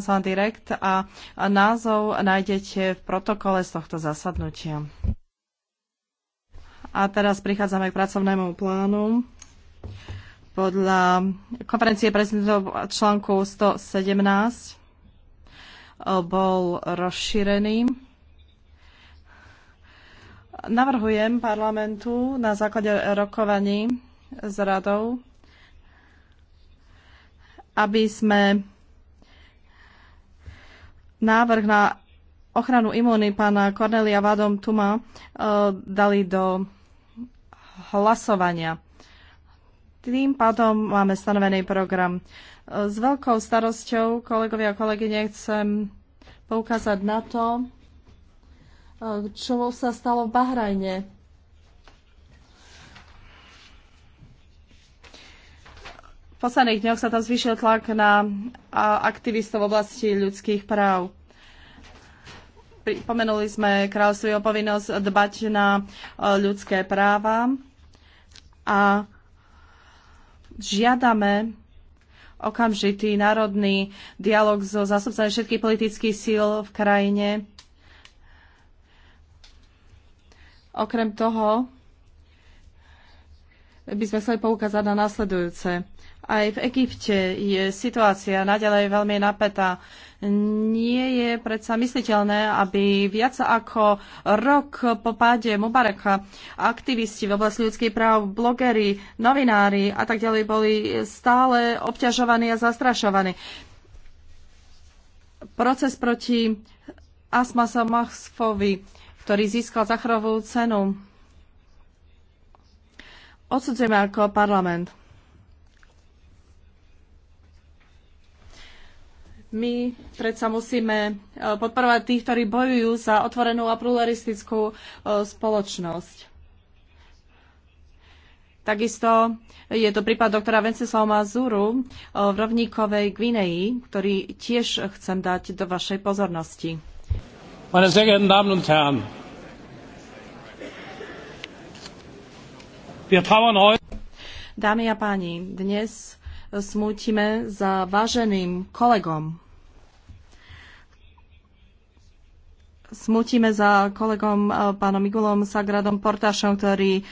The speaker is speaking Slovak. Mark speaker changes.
Speaker 1: Sa direkt a názov nájdete v protokole z tohto zasadnutia. A teraz prichádzame k pracovnému plánu. Podľa konferencie prezidentov článku 117 bol rozšírený. Navrhujem parlamentu na základe rokovaní s radou, aby sme návrh na ochranu imúny pána Cornelia Vadom Tuma eh, dali do hlasovania. Tým pádom máme stanovený program. Eh, s veľkou starosťou, kolegovia a kolegyne, chcem poukázať na to, eh, čo sa stalo v Bahrajne. V posledných dňoch sa tam zvýšil tlak na aktivistov v oblasti ľudských práv Pomenuli sme kráľovstvo jeho povinnosť dbať na e, ľudské práva a žiadame okamžitý národný dialog so zástupcami všetkých politických síl v krajine. Okrem toho, by sme chceli poukázať na následujúce. Aj v Egypte je situácia naďalej veľmi napätá. Nie je predsa mysliteľné, aby viac ako rok po páde Mubareka aktivisti v oblasti ľudských práv, blogeri, novinári a tak ďalej boli stále obťažovaní a zastrašovaní. Proces proti Asmasa Machsfovi, ktorý získal Zachrovú cenu odsudzujeme ako parlament. my predsa musíme e, podporovať tých, ktorí bojujú za otvorenú a pluralistickú e, spoločnosť. Takisto je to prípad doktora Venceslava Mazuru e, v rovníkovej Gvineji, ktorý tiež chcem dať do vašej pozornosti. Meine sehr geehrten Damen und Herren, Dámy a páni, dnes smútime za váženým kolegom. Smútime za kolegom eh, pánom Igulom Sagradom Portášom, ktorý